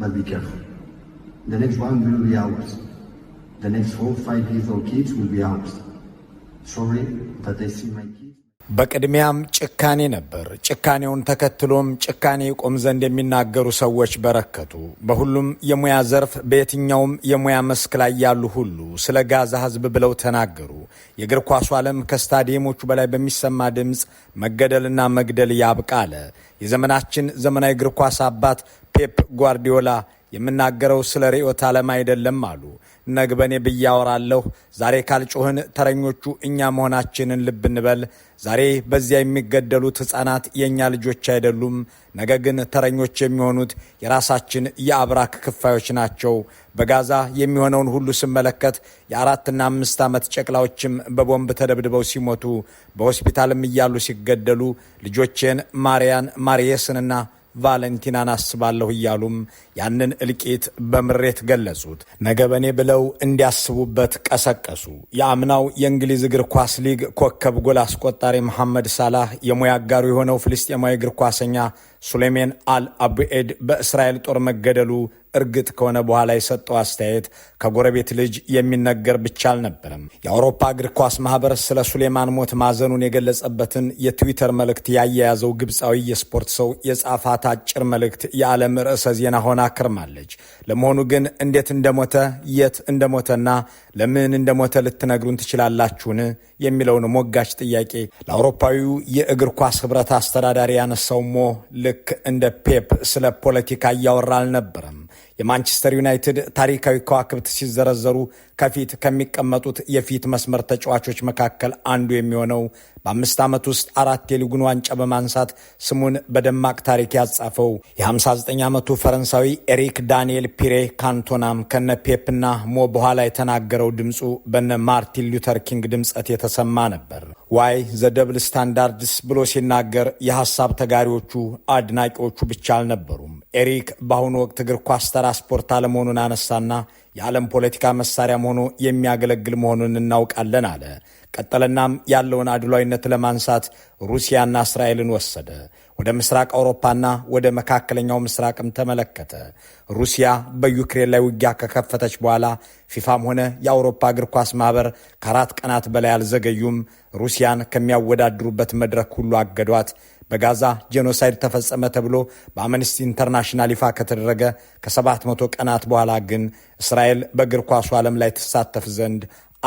But be careful. The next one will be ours. The next four, five years old kids will be ours. Sorry that they see my kids. በቅድሚያም ጭካኔ ነበር። ጭካኔውን ተከትሎም ጭካኔ ይቆም ዘንድ የሚናገሩ ሰዎች በረከቱ። በሁሉም የሙያ ዘርፍ፣ በየትኛውም የሙያ መስክ ላይ ያሉ ሁሉ ስለ ጋዛ ሕዝብ ብለው ተናገሩ። የእግር ኳሱ ዓለም ከስታዲየሞቹ በላይ በሚሰማ ድምፅ መገደልና መግደል ያብቃለ። የዘመናችን ዘመናዊ እግር ኳስ አባት ፔፕ ጓርዲዮላ የምናገረው ስለ ርዕዮተ ዓለም አይደለም አሉ። ነግበኔ ብያወራለሁ። ዛሬ ካልጮህን ተረኞቹ እኛ መሆናችንን ልብ እንበል። ዛሬ በዚያ የሚገደሉት ሕፃናት የእኛ ልጆች አይደሉም። ነገ ግን ተረኞች የሚሆኑት የራሳችን የአብራክ ክፋዮች ናቸው። በጋዛ የሚሆነውን ሁሉ ስመለከት የአራትና አምስት ዓመት ጨቅላዎችም በቦምብ ተደብድበው ሲሞቱ፣ በሆስፒታልም እያሉ ሲገደሉ ልጆቼን ማርያን ማርየስንና ቫለንቲናን አስባለሁ እያሉም ያንን እልቂት በምሬት ገለጹት። ነገ በኔ ብለው እንዲያስቡበት ቀሰቀሱ። የአምናው የእንግሊዝ እግር ኳስ ሊግ ኮከብ ጎል አስቆጣሪ መሐመድ ሳላህ የሙያ አጋሩ የሆነው ፍልስጤማዊ እግር ኳሰኛ ሱሌሜን አል አቡኤድ በእስራኤል ጦር መገደሉ እርግጥ ከሆነ በኋላ የሰጠው አስተያየት ከጎረቤት ልጅ የሚነገር ብቻ አልነበረም። የአውሮፓ እግር ኳስ ማህበር ስለ ሱሌማን ሞት ማዘኑን የገለጸበትን የትዊተር መልእክት ያያያዘው ግብፃዊ የስፖርት ሰው የጻፋት አጭር መልእክት የዓለም ርዕሰ ዜና ሆና አክርማለች። ለመሆኑ ግን እንዴት እንደሞተ፣ የት እንደሞተና ለምን እንደሞተ ልትነግሩን ትችላላችሁን? የሚለውን ሞጋች ጥያቄ ለአውሮፓዊው የእግር ኳስ ህብረት አስተዳዳሪ ያነሳው ሞ ልክ እንደ ፔፕ ስለ ፖለቲካ እያወራ አልነበረም። የማንቸስተር ዩናይትድ ታሪካዊ ከዋክብት ሲዘረዘሩ ከፊት ከሚቀመጡት የፊት መስመር ተጫዋቾች መካከል አንዱ የሚሆነው በአምስት ዓመት ውስጥ አራት የሊጉን ዋንጫ በማንሳት ስሙን በደማቅ ታሪክ ያጻፈው የ59 ዓመቱ ፈረንሳዊ ኤሪክ ዳንኤል ፒሬ ካንቶናም ከነ ፔፕና ሞ በኋላ የተናገረው ድምፁ በነ ማርቲን ሉተር ኪንግ ድምፀት የተሰማ ነበር። ዋይ ዘ ደብል ስታንዳርድስ ብሎ ሲናገር የሐሳብ ተጋሪዎቹ አድናቂዎቹ ብቻ አልነበሩም። ኤሪክ በአሁኑ ወቅት እግር ኳስ ተራ ስፖርት አለመሆኑን አነሳና የዓለም ፖለቲካ መሳሪያ መሆኑ የሚያገለግል መሆኑን እናውቃለን አለ። ቀጠለናም ያለውን አድሏዊነት ለማንሳት ሩሲያና እስራኤልን ወሰደ። ወደ ምስራቅ አውሮፓና ወደ መካከለኛው ምስራቅም ተመለከተ። ሩሲያ በዩክሬን ላይ ውጊያ ከከፈተች በኋላ ፊፋም ሆነ የአውሮፓ እግር ኳስ ማህበር ከአራት ቀናት በላይ አልዘገዩም። ሩሲያን ከሚያወዳድሩበት መድረክ ሁሉ አገዷት። በጋዛ ጄኖሳይድ ተፈጸመ ተብሎ በአምነስቲ ኢንተርናሽናል ይፋ ከተደረገ ከሰባት መቶ ቀናት በኋላ ግን እስራኤል በእግር ኳሱ ዓለም ላይ ትሳተፍ ዘንድ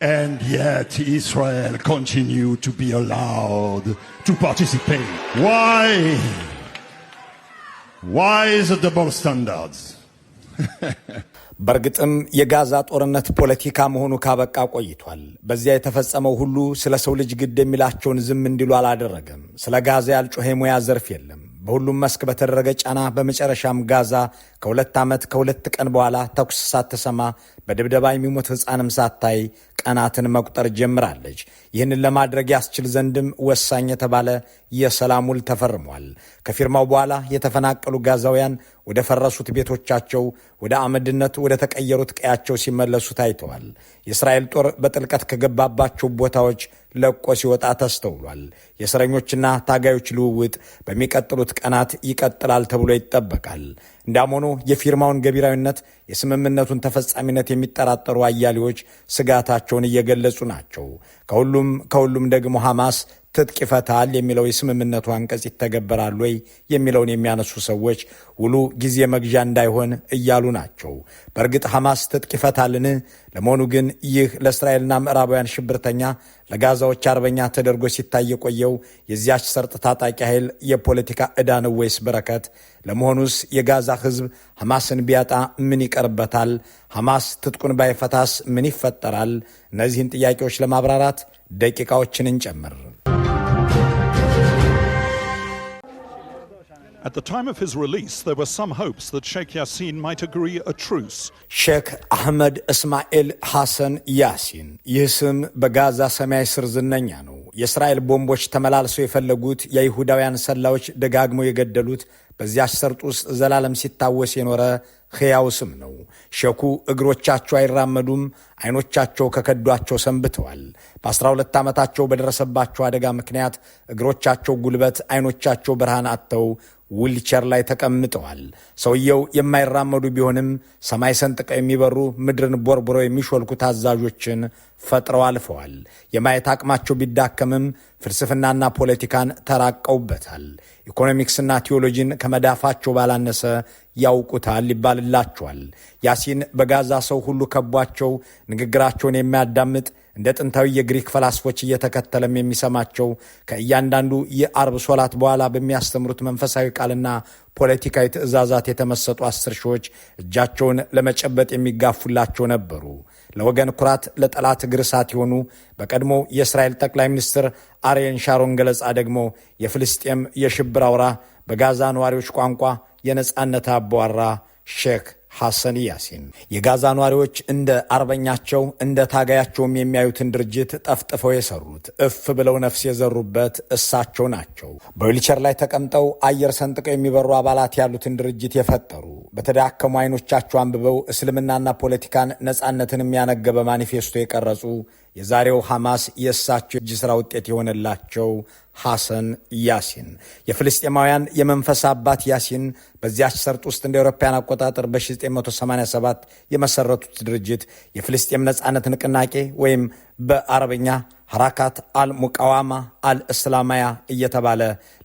And yet Israel continued to be allowed to participate. Why? Why is it double standards? በእርግጥም የጋዛ ጦርነት ፖለቲካ መሆኑ ካበቃ ቆይቷል። በዚያ የተፈጸመው ሁሉ ስለ ሰው ልጅ ግድ የሚላቸውን ዝም እንዲሉ አላደረገም። ስለ ጋዛ ያልጮኸ የሙያ ዘርፍ የለም። በሁሉም መስክ በተደረገ ጫና በመጨረሻም ጋዛ ከሁለት ዓመት ከሁለት ቀን በኋላ ተኩስ ሳትሰማ በድብደባ የሚሞት ሕፃንም ሳታይ ቀናትን መቁጠር ጀምራለች። ይህንን ለማድረግ ያስችል ዘንድም ወሳኝ የተባለ የሰላም ውል ተፈርሟል። ከፊርማው በኋላ የተፈናቀሉ ጋዛውያን ወደ ፈረሱት ቤቶቻቸው፣ ወደ አመድነት ወደ ተቀየሩት ቀያቸው ሲመለሱ ታይተዋል። የእስራኤል ጦር በጥልቀት ከገባባቸው ቦታዎች ለቆ ሲወጣ ተስተውሏል። የእስረኞችና ታጋዮች ልውውጥ በሚቀጥሉት ቀናት ይቀጥላል ተብሎ ይጠበቃል። እንዳም ሆኖ የፊርማውን ገቢራዊነት፣ የስምምነቱን ተፈጻሚነት የሚጠራጠሩ አያሌዎች ስጋታቸው መሆናቸውን እየገለጹ ናቸው። ከሁሉም ከሁሉም ደግሞ ሐማስ ትጥቅ ይፈታል የሚለው የስምምነቱ አንቀጽ ይተገበራል ወይ የሚለውን የሚያነሱ ሰዎች ውሉ ጊዜ መግዣ እንዳይሆን እያሉ ናቸው። በእርግጥ ሐማስ ትጥቅ ይፈታልን? ለመሆኑ ግን ይህ ለእስራኤልና ምዕራባውያን ሽብርተኛ ለጋዛዎች አርበኛ ተደርጎ ሲታይ የቆየው የዚያች ሰርጥ ታጣቂ ኃይል የፖለቲካ ዕዳ ነው ወይስ በረከት? ለመሆኑስ የጋዛ ሕዝብ ሐማስን ቢያጣ ምን ይቀርበታል? ሐማስ ትጥቁን ባይፈታስ ምን ይፈጠራል? እነዚህን ጥያቄዎች ለማብራራት ደቂቃዎችን እንጨምር። At the time of his release, there were some hopes that Sheikh Yassin might agree a truce. ሼክ አሕመድ እስማኤል ሐሰን ያሲን። ይህ ስም በጋዛ ሰማይ ስር ዝነኛ ነው። የእስራኤል ቦምቦች ተመላልሰው የፈለጉት የይሁዳውያን ሰላዮች ደጋግመው የገደሉት በዚያች ሰርጥ ውስጥ ዘላለም ሲታወስ የኖረ ሕያው ስም ነው። ሼኩ እግሮቻቸው አይራመዱም፣ አይኖቻቸው ከከዷቸው ሰንብተዋል። በ12 ዓመታቸው በደረሰባቸው አደጋ ምክንያት እግሮቻቸው ጉልበት፣ አይኖቻቸው ብርሃን አጥተው ዊልቸር ላይ ተቀምጠዋል። ሰውየው የማይራመዱ ቢሆንም ሰማይ ሰንጥቀው የሚበሩ ምድርን ቦርቡረው የሚሾልኩ ታዛዦችን ፈጥረው አልፈዋል። የማየት አቅማቸው ቢዳከምም ፍልስፍናና ፖለቲካን ተራቀውበታል። ኢኮኖሚክስና ቴዎሎጂን ከመዳፋቸው ባላነሰ ያውቁታል ይባልላቸዋል። ያሲን በጋዛ ሰው ሁሉ ከቧቸው ንግግራቸውን የሚያዳምጥ እንደ ጥንታዊ የግሪክ ፈላስፎች እየተከተለም የሚሰማቸው ከእያንዳንዱ የአርብ ሶላት በኋላ በሚያስተምሩት መንፈሳዊ ቃልና ፖለቲካዊ ትእዛዛት የተመሰጡ አስር ሺዎች እጃቸውን ለመጨበጥ የሚጋፉላቸው ነበሩ። ለወገን ኩራት፣ ለጠላት እግር እሳት የሆኑ በቀድሞ የእስራኤል ጠቅላይ ሚኒስትር አርየን ሻሮን ገለጻ ደግሞ የፍልስጤም የሽብር አውራ፣ በጋዛ ነዋሪዎች ቋንቋ የነፃነት አቧራ ሼክ ሐሰን ያሲን የጋዛ ነዋሪዎች እንደ አርበኛቸው እንደ ታጋያቸውም የሚያዩትን ድርጅት ጠፍጥፈው የሰሩት እፍ ብለው ነፍስ የዘሩበት እሳቸው ናቸው። በዊልቸር ላይ ተቀምጠው አየር ሰንጥቀው የሚበሩ አባላት ያሉትን ድርጅት የፈጠሩ በተዳከሙ አይኖቻቸው አንብበው እስልምናና ፖለቲካን ነፃነትን የሚያነገበ ማኒፌስቶ የቀረጹ የዛሬው ሐማስ የእሳቸው እጅ ሥራ ውጤት የሆነላቸው ሐሰን ያሲን የፍልስጤማውያን የመንፈስ አባት ያሲን በዚያች ሰርጥ ውስጥ እንደ አውሮፓውያን አቆጣጠር በ1987 የመሰረቱት ድርጅት የፍልስጤም ነፃነት ንቅናቄ ወይም በአረበኛ ሐራካት አልሙቃዋማ አልእስላማያ እየተባለ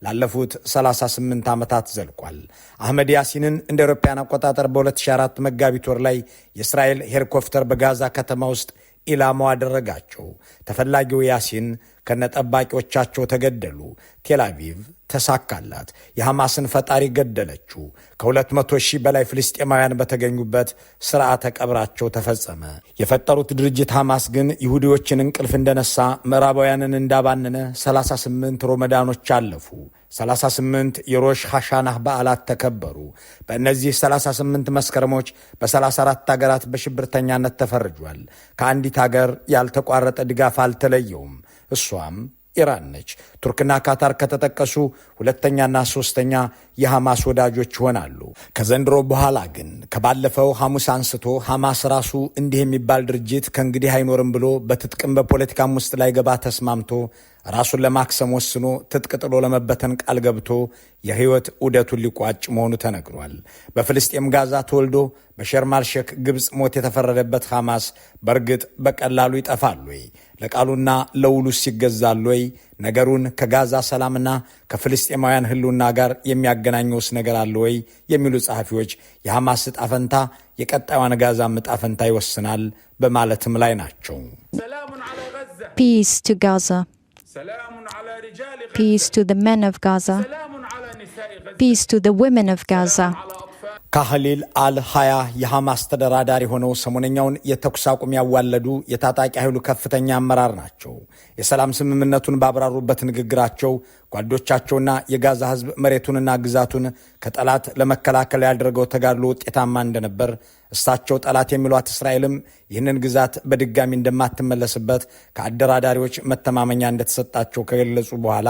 ላለፉት 38 ዓመታት ዘልቋል። አህመድ ያሲንን እንደ አውሮፓውያን አቆጣጠር በ2004 መጋቢት ወር ላይ የእስራኤል ሄሊኮፕተር በጋዛ ከተማ ውስጥ ኢላማው አደረጋቸው። ተፈላጊው ያሲን ከነጠባቂዎቻቸው ተገደሉ። ቴል አቪቭ ተሳካላት። የሐማስን ፈጣሪ ገደለችው። ከ200 ሺህ በላይ ፍልስጤማውያን በተገኙበት ስርዓተ ቀብራቸው ተፈጸመ። የፈጠሩት ድርጅት ሐማስ ግን ይሁዲዎችን እንቅልፍ እንደነሳ ምዕራባውያንን እንዳባነነ 38 ሮመዳኖች አለፉ። 38 የሮሽ ሐሻናህ በዓላት ተከበሩ። በእነዚህ 38 መስከረሞች በ34 አገራት በሽብርተኛነት ተፈርጇል። ከአንዲት አገር ያልተቋረጠ ድጋፍ አልተለየውም። እሷም ኢራን ነች። ቱርክና ካታር ከተጠቀሱ ሁለተኛና ሶስተኛ የሐማስ ወዳጆች ይሆናሉ። ከዘንድሮ በኋላ ግን ከባለፈው ሐሙስ አንስቶ ሐማስ ራሱ እንዲህ የሚባል ድርጅት ከእንግዲህ አይኖርም ብሎ በትጥቅም በፖለቲካም ውስጥ ላይ ገባ ተስማምቶ ራሱን ለማክሰም ወስኖ ትጥቅ ጥሎ ለመበተን ቃል ገብቶ የሕይወት ዑደቱን ሊቋጭ መሆኑ ተነግሯል። በፍልስጤም ጋዛ ተወልዶ በሸርማልሸክ ግብፅ ሞት የተፈረደበት ሐማስ በእርግጥ በቀላሉ ይጠፋል ወይ? ለቃሉና ለውሉስ ይገዛል ወይ? ነገሩን ከጋዛ ሰላምና ከፍልስጤማውያን ህልውና ጋር የሚያገናኘውስ ነገር አለ ወይ? የሚሉ ጸሐፊዎች የሐማስ ዕጣ ፈንታ የቀጣዩን ጋዛም ዕጣ ፈንታ ይወስናል በማለትም ላይ ናቸው። ፒስ ቱ ጋዛ Peace to the men of Gaza. Peace to the women of Gaza. ካህሊል አል ሀያ የሐማስ ተደራዳሪ ሆነው ሰሞነኛውን የተኩስ አቁም ያዋለዱ የታጣቂ ኃይሉ ከፍተኛ አመራር ናቸው። የሰላም ስምምነቱን ባብራሩበት ንግግራቸው ጓዶቻቸውና የጋዛ ሕዝብ መሬቱንና ግዛቱን ከጠላት ለመከላከል ያደረገው ተጋድሎ ውጤታማ እንደነበር እሳቸው ጠላት የሚሏት እስራኤልም ይህንን ግዛት በድጋሚ እንደማትመለስበት ከአደራዳሪዎች መተማመኛ እንደተሰጣቸው ከገለጹ በኋላ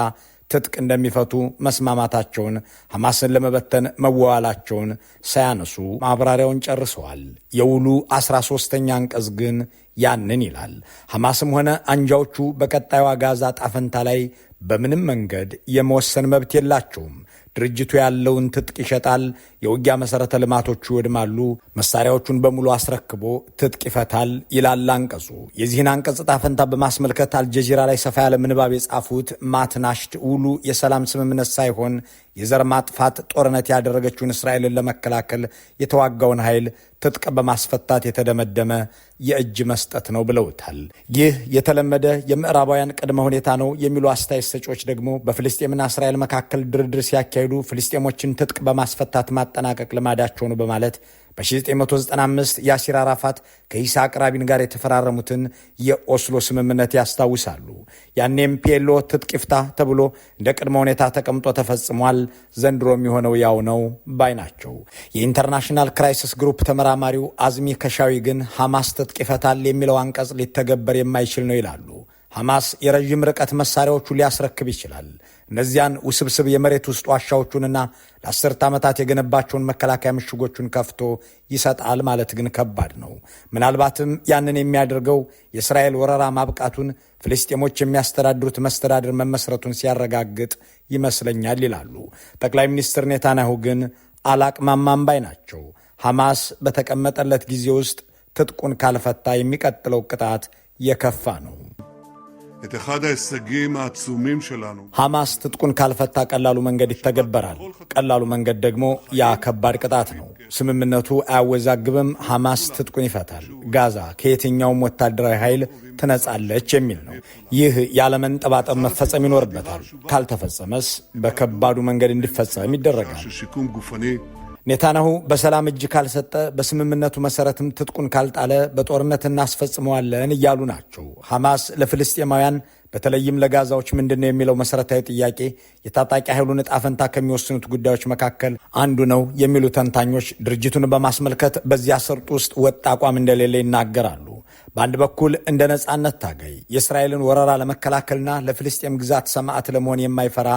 ትጥቅ እንደሚፈቱ መስማማታቸውን፣ ሐማስን ለመበተን መዋዋላቸውን ሳያነሱ ማብራሪያውን ጨርሰዋል። የውሉ አስራ ሦስተኛ አንቀጽ ግን ያንን ይላል። ሐማስም ሆነ አንጃዎቹ በቀጣዩ ጋዛ ጣፈንታ ላይ በምንም መንገድ የመወሰን መብት የላቸውም። ድርጅቱ ያለውን ትጥቅ ይሸጣል፣ የውጊያ መሰረተ ልማቶቹ ይወድማሉ፣ መሳሪያዎቹን በሙሉ አስረክቦ ትጥቅ ይፈታል ይላል አንቀጹ። የዚህን አንቀጽ ፈንታ በማስመልከት አልጀዚራ ላይ ሰፋ ያለ ምንባብ የጻፉት ማትናሽት ውሉ የሰላም ስምምነት ሳይሆን የዘር ማጥፋት ጦርነት ያደረገችውን እስራኤልን ለመከላከል የተዋጋውን ኃይል ትጥቅ በማስፈታት የተደመደመ የእጅ መስጠት ነው ብለውታል። ይህ የተለመደ የምዕራባውያን ቅድመ ሁኔታ ነው የሚሉ አስተያየት ሰጪዎች ደግሞ በፍልስጤምና እስራኤል መካከል ድርድር ሲያካ ሲያካሂዱ ፍልስጤሞችን ትጥቅ በማስፈታት ማጠናቀቅ ልማዳቸው ነው በማለት በ1995 ያሲር አራፋት ከይስሐቅ ራቢን ጋር የተፈራረሙትን የኦስሎ ስምምነት ያስታውሳሉ። ያኔም ፒኤልኦ ትጥቅ ይፍታ ተብሎ እንደ ቅድመ ሁኔታ ተቀምጦ ተፈጽሟል። ዘንድሮ የሚሆነው ያው ነው ባይ ናቸው። የኢንተርናሽናል ክራይሲስ ግሩፕ ተመራማሪው አዝሚ ከሻዊ ግን ሐማስ ትጥቅ ይፈታል የሚለው አንቀጽ ሊተገበር የማይችል ነው ይላሉ። ሐማስ የረዥም ርቀት መሳሪያዎቹ ሊያስረክብ ይችላል። እነዚያን ውስብስብ የመሬት ውስጥ ዋሻዎቹንና ለአስርት ዓመታት የገነባቸውን መከላከያ ምሽጎቹን ከፍቶ ይሰጣል ማለት ግን ከባድ ነው። ምናልባትም ያንን የሚያደርገው የእስራኤል ወረራ ማብቃቱን ፍልስጤሞች የሚያስተዳድሩት መስተዳድር መመስረቱን ሲያረጋግጥ ይመስለኛል ይላሉ። ጠቅላይ ሚኒስትር ኔታንያሁ ግን አላቅማማም ባይ ናቸው። ሐማስ በተቀመጠለት ጊዜ ውስጥ ትጥቁን ካልፈታ የሚቀጥለው ቅጣት የከፋ ነው። את אחד ההישגים העצומים שלנו. ሐማስ ትጥቁን ካልፈታ ቀላሉ መንገድ ይተገበራል። ቀላሉ መንገድ ደግሞ ያ ከባድ ቅጣት ነው። ስምምነቱ አያወዛግብም። ሐማስ ትጥቁን ይፈታል፣ ጋዛ ከየትኛውም ወታደራዊ ኃይል ትነጻለች የሚል ነው። ይህ ያለመንጠባጠብ መፈጸም ይኖርበታል። ካልተፈጸመስ በከባዱ መንገድ እንዲፈጸም ይደረጋል። ኔታንያሁ በሰላም እጅ ካልሰጠ በስምምነቱ መሰረትም ትጥቁን ካልጣለ በጦርነት እናስፈጽመዋለን እያሉ ናቸው። ሐማስ ለፍልስጤማውያን በተለይም ለጋዛዎች ምንድን ነው የሚለው መሰረታዊ ጥያቄ የታጣቂ ኃይሉን ዕጣ ፈንታ ከሚወስኑት ጉዳዮች መካከል አንዱ ነው የሚሉ ተንታኞች ድርጅቱን በማስመልከት በዚያ ስርጥ ውስጥ ወጥ አቋም እንደሌለ ይናገራሉ። በአንድ በኩል እንደ ነጻነት ታጋይ የእስራኤልን ወረራ ለመከላከልና ለፍልስጤም ግዛት ሰማዕት ለመሆን የማይፈራ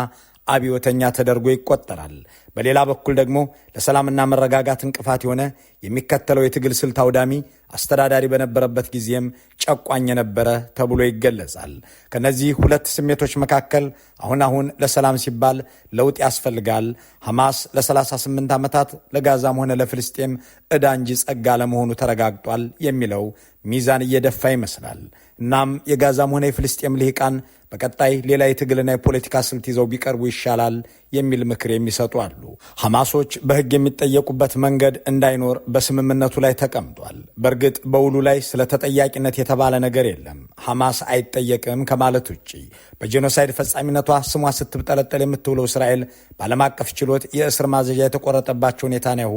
አብዮተኛ ተደርጎ ይቆጠራል። በሌላ በኩል ደግሞ ለሰላምና መረጋጋት እንቅፋት የሆነ የሚከተለው የትግል ስልት አውዳሚ አስተዳዳሪ በነበረበት ጊዜም ጨቋኝ የነበረ ተብሎ ይገለጻል። ከነዚህ ሁለት ስሜቶች መካከል አሁን አሁን ለሰላም ሲባል ለውጥ ያስፈልጋል፣ ሐማስ ለ38 ዓመታት ለጋዛም ሆነ ለፍልስጤም ዕዳ እንጂ ጸጋ ለመሆኑ ተረጋግጧል የሚለው ሚዛን እየደፋ ይመስላል። እናም የጋዛም ሆነ የፍልስጤም ልሂቃን በቀጣይ ሌላ የትግልና የፖለቲካ ስልት ይዘው ቢቀርቡ ይሻላል የሚል ምክር የሚሰጡ አሉ። ሐማሶች በሕግ የሚጠየቁበት መንገድ እንዳይኖር በስምምነቱ ላይ ተቀምጧል። በእርግጥ በውሉ ላይ ስለ ተጠያቂነት የተባለ ነገር የለም። ሐማስ አይጠየቅም ከማለት ውጭ በጄኖሳይድ ፈጻሚነቷ ስሟ ስትብጠለጠል የምትውለው እስራኤል በዓለም አቀፍ ችሎት የእስር ማዘዣ የተቆረጠባቸው ኔታንያሁ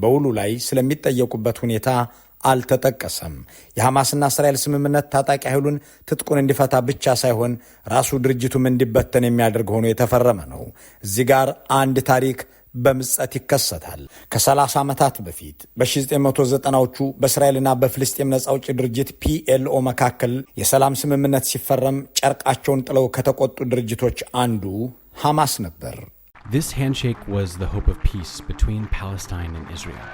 በውሉ ላይ ስለሚጠየቁበት ሁኔታ አልተጠቀሰም። የሐማስና እስራኤል ስምምነት ታጣቂ ኃይሉን ትጥቁን እንዲፈታ ብቻ ሳይሆን ራሱ ድርጅቱም እንዲበተን የሚያደርግ ሆኖ የተፈረመ ነው። እዚህ ጋር አንድ ታሪክ በምጸት ይከሰታል። ከ30 ዓመታት በፊት በ1990ዎቹ በእስራኤልና በፍልስጤም ነፃ አውጪ ድርጅት ፒኤልኦ መካከል የሰላም ስምምነት ሲፈረም ጨርቃቸውን ጥለው ከተቆጡ ድርጅቶች አንዱ ሐማስ ነበር። This handshake was the hope of peace between Palestine and Israel.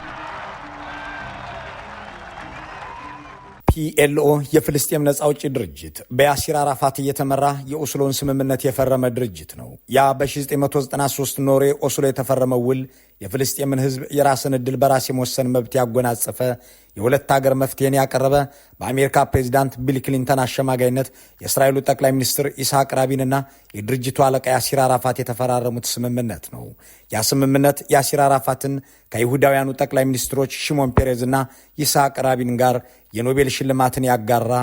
ፒኤልኦ የፍልስጤም ነፃ አውጪ ድርጅት በያሲር አራፋት እየተመራ የኦስሎን ስምምነት የፈረመ ድርጅት ነው። ያ በ1993 ኖሬ ኦስሎ የተፈረመው ውል የፍልስጤምን ሕዝብ የራስን ዕድል በራስ የመወሰን መብት ያጎናጸፈ የሁለት ሀገር መፍትሄን ያቀረበ በአሜሪካ ፕሬዚዳንት ቢል ክሊንተን አሸማጋይነት የእስራኤሉ ጠቅላይ ሚኒስትር ኢስሐቅ ራቢንና የድርጅቱ አለቃ ያሲር አራፋት የተፈራረሙት ስምምነት ነው። ያ ስምምነት ያሲር አራፋትን ከይሁዳውያኑ ጠቅላይ ሚኒስትሮች ሽሞን ፔሬዝና ኢስሐቅ ራቢን ጋር የኖቤል ሽልማትን ያጋራ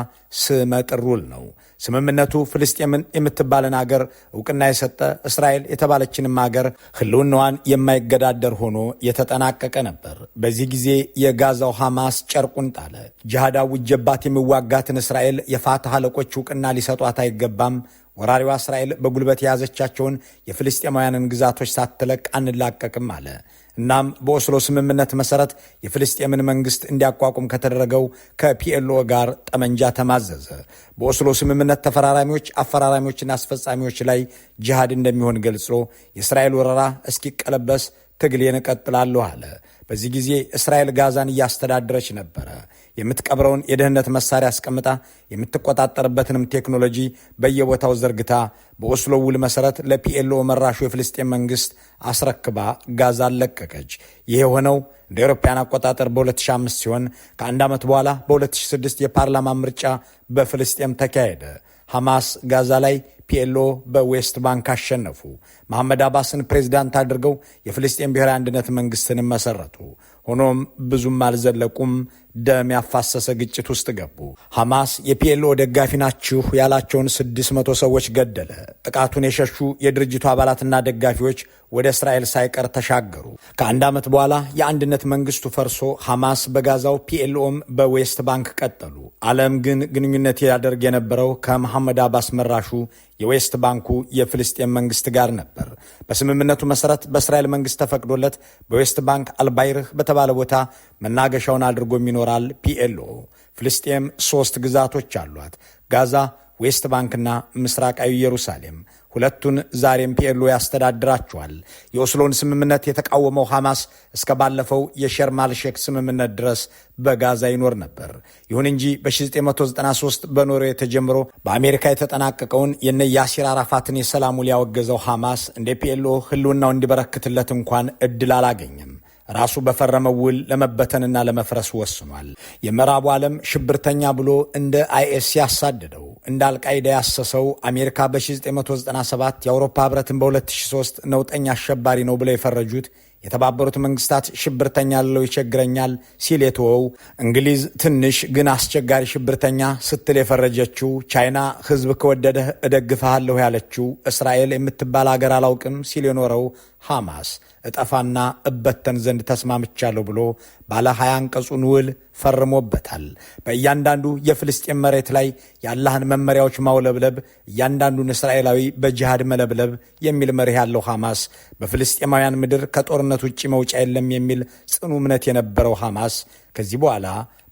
ስመጥር ውል ነው። ስምምነቱ ፍልስጤምን የምትባልን አገር እውቅና የሰጠ እስራኤል የተባለችንም አገር ህልውናዋን የማይገዳደር ሆኖ የተጠናቀቀ ነበር። በዚህ ጊዜ የጋዛው ሐማስ ጨርቁን ጣለ። ጅሃዳዊ ጀባት የሚዋጋትን እስራኤል የፋታ አለቆች እውቅና ሊሰጧት አይገባም፣ ወራሪዋ እስራኤል በጉልበት የያዘቻቸውን የፍልስጤማውያንን ግዛቶች ሳትለቅ አንላቀቅም አለ። እናም በኦስሎ ስምምነት መሰረት የፍልስጤምን መንግስት እንዲያቋቁም ከተደረገው ከፒኤልኦ ጋር ጠመንጃ ተማዘዘ። በኦስሎ ስምምነት ተፈራራሚዎች፣ አፈራራሚዎችና አስፈጻሚዎች ላይ ጅሃድ እንደሚሆን ገልጾ የእስራኤል ወረራ እስኪቀለበስ ትግሌን እቀጥላለሁ አለ። በዚህ ጊዜ እስራኤል ጋዛን እያስተዳደረች ነበረ። የምትቀብረውን የደህንነት መሳሪያ አስቀምጣ የምትቆጣጠርበትንም ቴክኖሎጂ በየቦታው ዘርግታ በኦስሎ ውል መሰረት ለፒኤልኦ መራሹ የፍልስጤን መንግስት አስረክባ ጋዛን ለቀቀች። ይህ የሆነው እንደ አውሮፓውያን አቆጣጠር በ2005 ሲሆን ከአንድ ዓመት በኋላ በ2006 የፓርላማ ምርጫ በፍልስጤም ተካሄደ። ሐማስ ጋዛ ላይ ፒኤልኦ በዌስት ባንክ አሸነፉ። መሐመድ አባስን ፕሬዚዳንት አድርገው የፍልስጤን ብሔራዊ አንድነት መንግስትንም መሰረቱ። ሆኖም ብዙም አልዘለቁም። ደም ያፋሰሰ ግጭት ውስጥ ገቡ። ሐማስ የፒኤልኦ ደጋፊ ናችሁ ያላቸውን ስድስት መቶ ሰዎች ገደለ። ጥቃቱን የሸሹ የድርጅቱ አባላትና ደጋፊዎች ወደ እስራኤል ሳይቀር ተሻገሩ። ከአንድ ዓመት በኋላ የአንድነት መንግስቱ ፈርሶ ሐማስ በጋዛው ፒኤልኦም በዌስት ባንክ ቀጠሉ። ዓለም ግን ግንኙነት ያደርግ የነበረው ከመሐመድ አባስ መራሹ የዌስት ባንኩ የፍልስጤን መንግስት ጋር ነበር። በስምምነቱ መሰረት በእስራኤል መንግስት ተፈቅዶለት በዌስት ባንክ አልባይርህ በተባለ ቦታ መናገሻውን አድርጎም ይኖራል። ፒኤልኦ ፍልስጤም ሶስት ግዛቶች አሏት፦ ጋዛ፣ ዌስት ባንክና ምስራቃዊ ኢየሩሳሌም ሁለቱን ዛሬም ፒኤሎ ያስተዳድራቸዋል። የኦስሎን ስምምነት የተቃወመው ሐማስ እስከ ባለፈው የሸርማልሼክ ስምምነት ድረስ በጋዛ ይኖር ነበር። ይሁን እንጂ በ1993 በኖርዌይ ተጀምሮ በአሜሪካ የተጠናቀቀውን የነ ያሲር አራፋትን የሰላም ውል ያወገዘው ሐማስ እንደ ፒኤሎ ህልውናው እንዲበረክትለት እንኳን እድል አላገኘም። ራሱ በፈረመው ውል ለመበተንና ለመፍረስ ወስኗል። የምዕራቡ ዓለም ሽብርተኛ ብሎ እንደ አይኤስ ያሳደደው እንደ አልቃይዳ ያሰሰው አሜሪካ በ1997 የአውሮፓ ህብረትን በ2003 ነውጠኛ አሸባሪ ነው ብለው የፈረጁት የተባበሩት መንግስታት ሽብርተኛ ልለው ይቸግረኛል ሲል የተወው እንግሊዝ ትንሽ ግን አስቸጋሪ ሽብርተኛ ስትል የፈረጀችው ቻይና ህዝብ ከወደደህ እደግፈሃለሁ ያለችው እስራኤል የምትባል አገር አላውቅም ሲል የኖረው ሐማስ እጠፋና እበተን ዘንድ ተስማምቻለሁ ብሎ ባለ ሀያ አንቀጹን ውል ፈርሞበታል። በእያንዳንዱ የፍልስጤም መሬት ላይ የአላህን መመሪያዎች ማውለብለብ፣ እያንዳንዱን እስራኤላዊ በጂሃድ መለብለብ የሚል መርህ ያለው ሐማስ በፍልስጤማውያን ምድር ከጦርነት ውጭ መውጫ የለም የሚል ጽኑ እምነት የነበረው ሐማስ ከዚህ በኋላ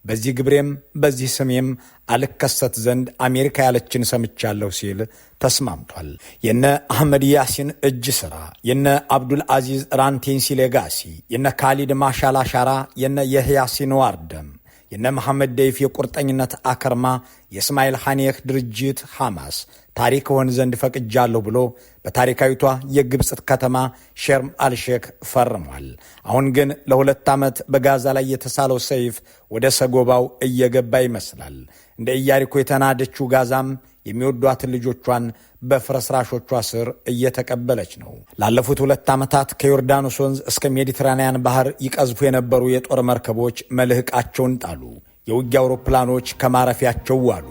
በዚህ ግብሬም በዚህ ስሜም አልከሰት ዘንድ አሜሪካ ያለችን ሰምቻለሁ ሲል ተስማምቷል። የነ አህመድ ያሲን እጅ ሥራ፣ የነ አብዱል አዚዝ ራንቴንሲ ሌጋሲ፣ የነ ካሊድ ማሻል አሻራ፣ የነ የህያ ሲንዋር ደም የነ መሐመድ ደይፍ የቁርጠኝነት አከርማ የእስማኤል ሐኒየህ ድርጅት ሐማስ ታሪክ ሆን ዘንድ ፈቅጃለሁ ብሎ በታሪካዊቷ የግብፅ ከተማ ሸርም አልሼክ ፈርሟል። አሁን ግን ለሁለት ዓመት በጋዛ ላይ የተሳለው ሰይፍ ወደ ሰጎባው እየገባ ይመስላል። እንደ ኢያሪኮ የተናደችው ጋዛም የሚወዷትን ልጆቿን በፍርስራሾቿ ስር እየተቀበለች ነው። ላለፉት ሁለት ዓመታት ከዮርዳኖስ ወንዝ እስከ ሜዲትራንያን ባህር ይቀዝፉ የነበሩ የጦር መርከቦች መልህቃቸውን ጣሉ። የውጊ አውሮፕላኖች ከማረፊያቸው ዋሉ።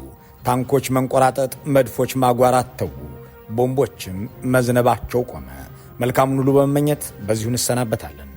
ታንኮች መንቆራጠጥ፣ መድፎች ማጓራት ተዉ። ቦምቦችም መዝነባቸው ቆመ። መልካሙን ሁሉ በመመኘት በዚሁ እንሰናበታለን።